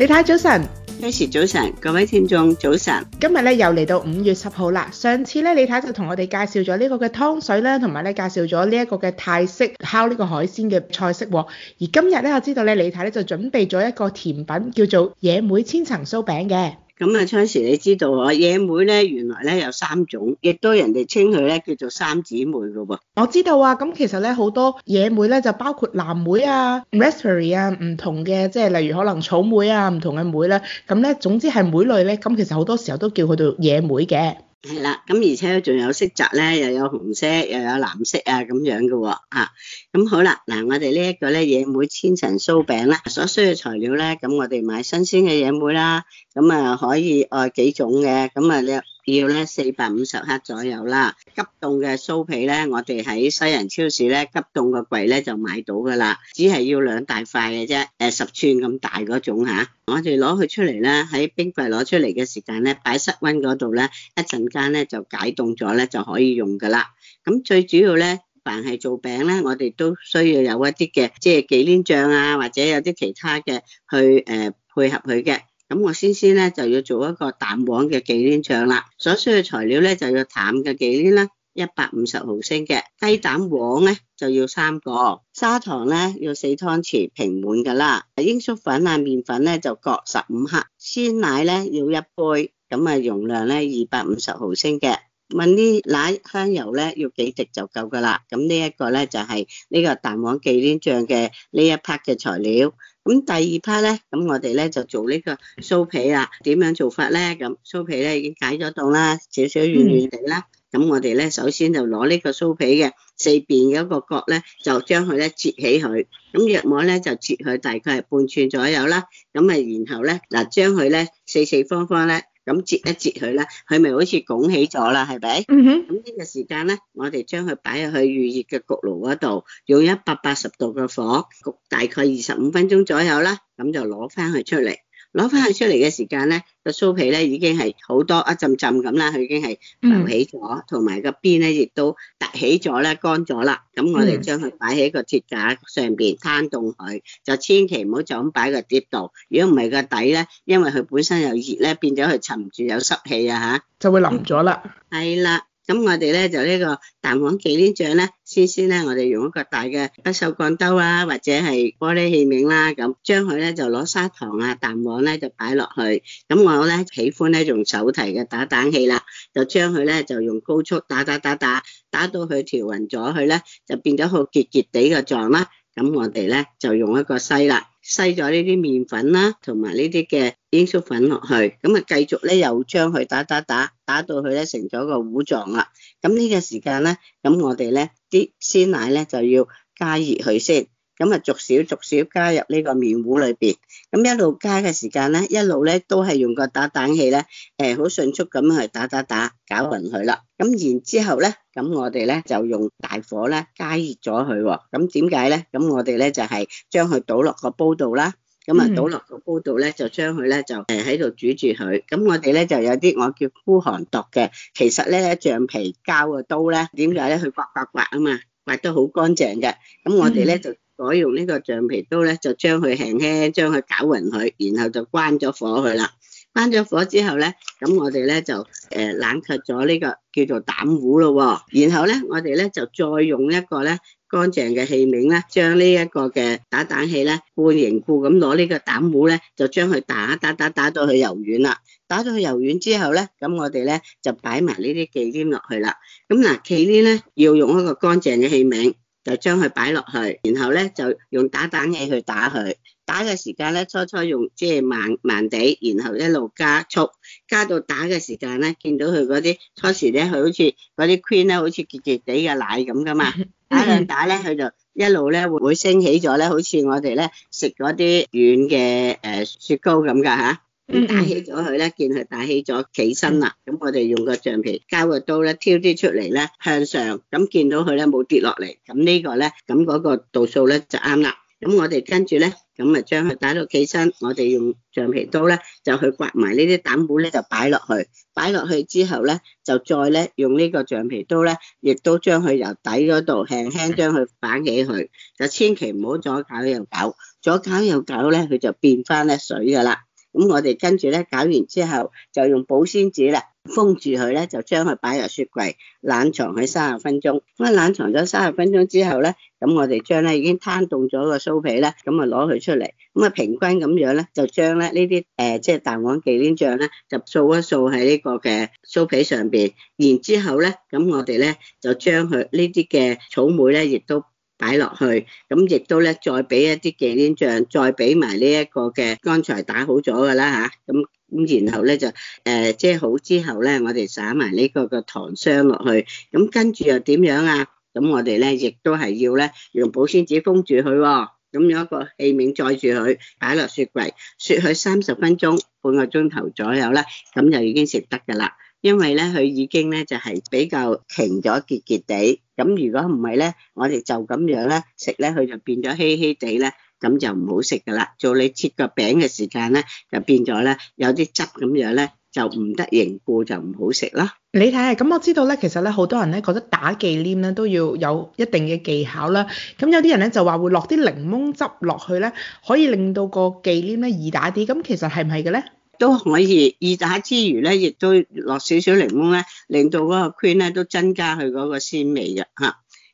李太早晨 h 早晨，各位聽眾早晨，今日咧又嚟到五月十號啦。上次咧李太就同我哋介紹咗呢個嘅湯水啦，同埋咧介紹咗呢一個嘅泰式烤呢個海鮮嘅菜式。而今日咧我知道咧李太咧就準備咗一個甜品，叫做野莓千層酥餅嘅。咁啊，昌時你知道啊，野莓咧，原來咧有三種，亦都人哋稱佢咧叫做三姊妹噶喎。我知道啊，咁其實咧好多野莓咧就包括藍莓啊、raspberry 啊唔、啊、同嘅，即係例如可能草莓啊唔同嘅莓啦。咁咧，總之係莓類咧，咁其實好多時候都叫佢做野莓嘅。係啦，咁而且仲有色澤咧，又有紅色，又有藍色啊，咁樣嘅喎、啊，啊，咁好啦，嗱，我哋呢一個咧野莓千層酥餅啦，所需嘅材料咧，咁我哋買新鮮嘅野莓啦，咁啊可以愛幾種嘅，咁啊咧。要咧四百五十克左右啦，急凍嘅酥皮咧，我哋喺西人超市咧急凍個櫃咧就買到噶啦，只係要兩大塊嘅啫，誒、呃、十寸咁大嗰種吓、啊，我哋攞佢出嚟咧，喺冰櫃攞出嚟嘅時間咧，擺室溫嗰度咧，一陣間咧就解凍咗咧就可以用噶啦。咁最主要咧，凡係做餅咧，我哋都需要有一啲嘅，即係忌廉醬啊，或者有啲其他嘅去誒、呃、配合佢嘅。咁我先先咧就要做一個蛋黃嘅忌廉醬啦，所需嘅材料咧就要淡嘅忌廉啦，一百五十毫升嘅雞蛋黃咧就要三個，砂糖咧要四湯匙平滿噶啦，鷹粟粉啊，麵粉咧就各十五克，鮮奶咧要一杯，咁啊容量咧二百五十毫升嘅。問啲奶香油咧，要幾滴就夠噶啦。咁呢一個咧就係、是、呢個蛋黃忌廉醬嘅呢一 part 嘅材料。咁第二 part 咧，咁我哋咧就做呢個酥皮啦。點樣做法咧？咁酥皮咧已經解咗凍啦，少少軟軟地啦。咁我哋咧首先就攞呢個酥皮嘅四邊嗰個角咧，就將佢咧切起佢。咁約莫咧就切佢大概係半寸左右啦。咁啊，然後咧嗱，將佢咧四四方方咧。咁折一折佢啦，佢咪好似拱起咗啦，係咪？嗯哼、mm-hmm，咁呢個時間咧，我哋將佢擺入去預熱嘅焗爐嗰度，用一百八十度嘅火焗大概二十五分鐘左右啦，咁就攞返佢出嚟。攞翻佢出嚟嘅時間咧，個酥皮咧已經係好多一浸浸咁啦，佢已經係浮起咗，同埋個邊咧亦都凸起咗咧，乾咗啦。咁我哋將佢擺喺個鐵架上邊攤凍佢，就千祈唔好就咁擺喺個碟度。如果唔係個底咧，因為佢本身有熱咧，變咗佢沉住有濕氣啊吓，就會淋咗啦。係啦。咁我哋咧，就呢個蛋黃忌廉醬咧，先先咧我哋用一個大嘅不銹鋼兜啦，或者係玻璃器皿啦，咁將佢咧就攞砂糖啊蛋黃咧就擺落去，咁我咧喜歡咧用手提嘅打蛋器啦，就將佢咧就用高速打打打打，打到佢調勻咗，佢咧就變咗好結結地嘅狀啦，咁我哋咧就用一個西啦。篩咗呢啲麵粉啦，同埋呢啲嘅鷹粟粉落去，咁啊繼續咧又將佢打打打打到佢咧成咗個糊狀啦。咁呢個時間咧，咁我哋咧啲鮮奶咧就要加熱佢先。咁啊，逐少逐少加入呢個麵糊裏邊，咁一路加嘅時間咧，一路咧都係用個打蛋器咧，誒、欸，好迅速咁去打打打，攪勻佢啦。咁然之後咧，咁我哋咧就用大火咧加熱咗佢。咁點解咧？咁我哋咧就係、是、將佢倒落個煲度啦。咁啊，倒落個煲度咧，就將佢咧就誒喺度煮住佢。咁我哋咧就有啲我叫孤寒剁嘅，其實咧橡皮膠嘅刀咧，點解咧？佢刮刮刮啊嘛，刮得好乾淨嘅。咁我哋咧就～改用呢個橡皮刀咧，就將佢輕輕將佢攪勻佢，然後就關咗火去啦。關咗火之後咧，咁我哋咧就誒冷卻咗呢個叫做蛋糊咯。然後咧，我哋咧就再用一個咧乾淨嘅器皿咧，將呢一個嘅打蛋器咧固形固咁攞呢個蛋糊咧，就將佢打打打打到去柔軟啦。打到去柔，柔軟之後咧，咁我哋咧就擺埋呢啲忌廉落去啦。咁嗱忌廉咧要用一個乾淨嘅器皿。就將佢擺落去，然後咧就用打蛋器去打佢。打嘅時間咧，初初用即係、就是、慢慢地，然後一路加速，加到打嘅時間咧，見到佢嗰啲初時咧，佢好似嗰啲 cream 咧，que en, 好似結結地嘅奶咁噶嘛。打兩打咧，佢就一路咧會升起咗咧，好似我哋咧食嗰啲軟嘅誒、呃、雪糕咁噶吓。嗯嗯，打起咗佢咧，見佢打起咗企身啦。咁我哋用個橡皮膠嘅刀咧，挑啲出嚟咧，向上。咁見到佢咧冇跌落嚟，咁呢個咧，咁嗰個度數咧就啱啦。咁我哋跟住咧，咁啊將佢打到企身，我哋用橡皮刀咧就去刮埋呢啲蛋糊咧就擺落去。擺落去之後咧，就再咧用呢個橡皮刀咧，亦都將佢由底嗰度輕輕將佢反起去。就千祈唔好左搞右搞，左搞右搞咧，佢就變翻咧水噶啦。咁我哋跟住咧搞完之後，就用保鮮紙啦封住佢咧，就將佢擺入雪櫃冷藏喺三十分鐘。咁啊冷藏咗三十分鐘之後咧，咁我哋將咧已經攤凍咗個酥皮咧，咁啊攞佢出嚟，咁啊平均咁樣咧，就將咧、呃、呢啲誒即係蛋黃忌廉醬咧，就掃一掃喺呢個嘅酥皮上邊，然之後咧，咁我哋咧就將佢呢啲嘅草莓咧，亦都。擺落去，咁亦都咧，再俾一啲忌廉醬，再俾埋呢一個嘅剛才打好咗噶啦吓，咁、啊、咁然後咧就誒，即、呃、係好之後咧，我哋灑埋呢個個糖霜落去，咁跟住又點樣啊？咁我哋咧亦都係要咧用保鮮紙封住佢，哦，咁有一個器皿載住佢，擺落雪櫃，雪佢三十分鐘，半個鐘頭左右啦，咁就已經食得噶啦，因為咧佢已經咧就係、是、比較瓊咗結結地。稍稍咁如果唔係咧，我哋就咁樣咧食咧，佢就變咗稀稀地咧，咁就唔好食噶啦。做你切個餅嘅時間咧，就變咗咧有啲汁咁樣咧，就唔得凝固，就唔好食啦。你睇下，咁我知道咧，其實咧好多人咧覺得打忌廉咧都要有一定嘅技巧啦。咁有啲人咧就話會落啲檸檬汁落去咧，可以令到個忌廉咧易打啲。咁其實係唔係嘅咧？都可以，二打之餘咧，亦都落少少檸檬咧，令到嗰個圈咧都增加佢嗰個鮮味㗎。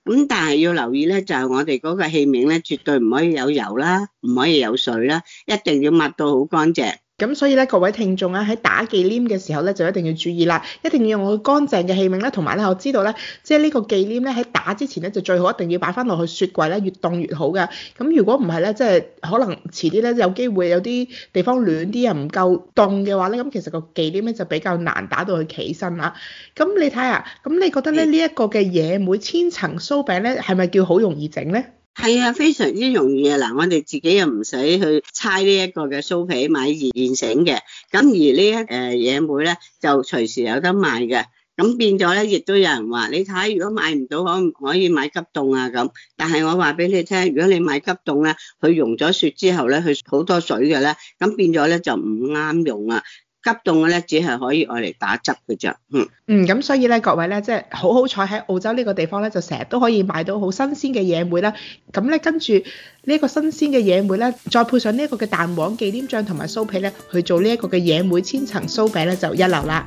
咁但係要留意咧，就係、是、我哋嗰個器皿咧，絕對唔可以有油啦，唔可以有水啦，一定要抹到好乾淨。咁所以咧，各位聽眾啊，喺打忌廉嘅時候咧，就一定要注意啦，一定要用一個乾淨嘅器皿啦，同埋咧，我知道咧，即係呢個忌廉咧喺打之前咧，就最好一定要擺翻落去雪櫃咧，越凍越好㗎。咁如果唔係咧，即係可能遲啲咧，有機會有啲地方暖啲啊，唔夠凍嘅話咧，咁其實個忌廉咧就比較難打到佢企身啦。咁你睇下啊，咁你覺得咧呢一個嘅野莓千層酥餅咧，係咪叫好容易整咧？係啊，非常之容易啊！嗱，我哋自己又唔使去猜呢一個嘅酥皮，買而現成嘅。咁而呢一誒野莓咧，就隨時有得賣嘅。咁變咗咧，亦都有人話，你睇如果買唔到，可唔可以買急凍啊？咁，但係我話俾你聽，如果你買急凍咧，佢溶咗雪之後咧，佢好多水嘅咧，咁變咗咧就唔啱用啊。急凍嘅咧，只係可以愛嚟打汁嘅啫，嗯。嗯，咁所以咧，各位咧，即係好好彩喺澳洲呢個地方咧，就成日都可以買到好新鮮嘅野莓啦。咁咧，跟住呢一個新鮮嘅野莓咧，再配上呢一個嘅蛋黃忌廉醬同埋酥皮咧，去做呢一個嘅野莓千層酥餅咧，就一流啦。